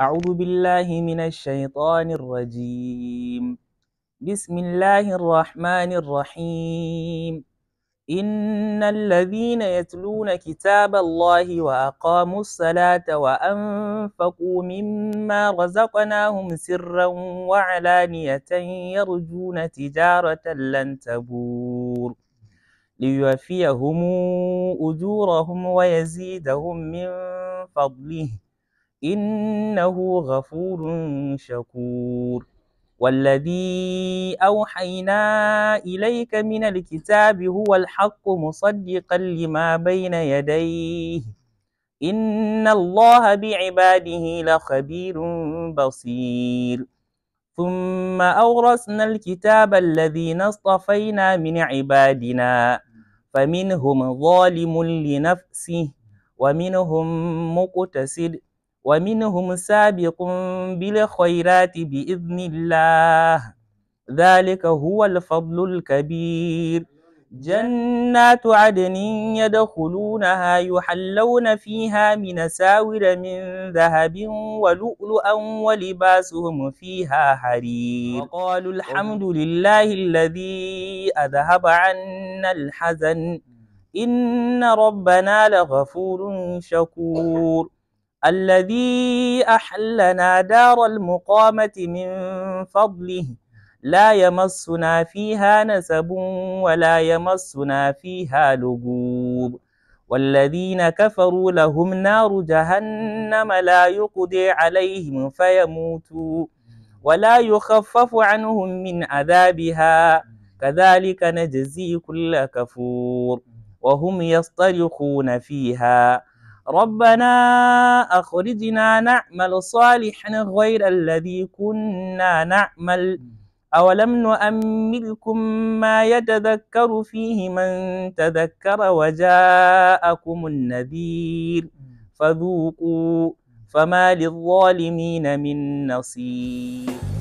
أعوذ بالله من الشيطان الرجيم بسم الله الرحمن الرحيم إن الذين يتلون كتاب الله وأقاموا الصلاة وأنفقوا مما رزقناهم سرا وعلانية يرجون تجارة لن تبور ليوفيهم أجورهم ويزيدهم من فضله إنه غفور شكور والذي أوحينا إليك من الكتاب هو الحق مصدقا لما بين يديه إن الله بعباده لخبير بصير ثم أورثنا الكتاب الذين اصطفينا من عبادنا فمنهم ظالم لنفسه ومنهم مقتصد ومنهم سابق بالخيرات بإذن الله ذلك هو الفضل الكبير جنات عدن يدخلونها يحلون فيها من ساور من ذهب ولؤلؤا ولباسهم فيها حرير وقالوا الحمد لله الذي أذهب عنا الحزن إن ربنا لغفور شكور الذي أحلنا دار المقامة من فضله لا يمسنا فيها نسب ولا يمسنا فيها لغوب والذين كفروا لهم نار جهنم لا يقضي عليهم فيموتوا ولا يخفف عنهم من عذابها كذلك نجزي كل كفور وهم يصطرخون فيها ربنا أخرجنا نعمل صالحا غير الذي كنا نعمل أولم نؤملكم ما يتذكر فيه من تذكر وجاءكم النذير فذوقوا فما للظالمين من نصير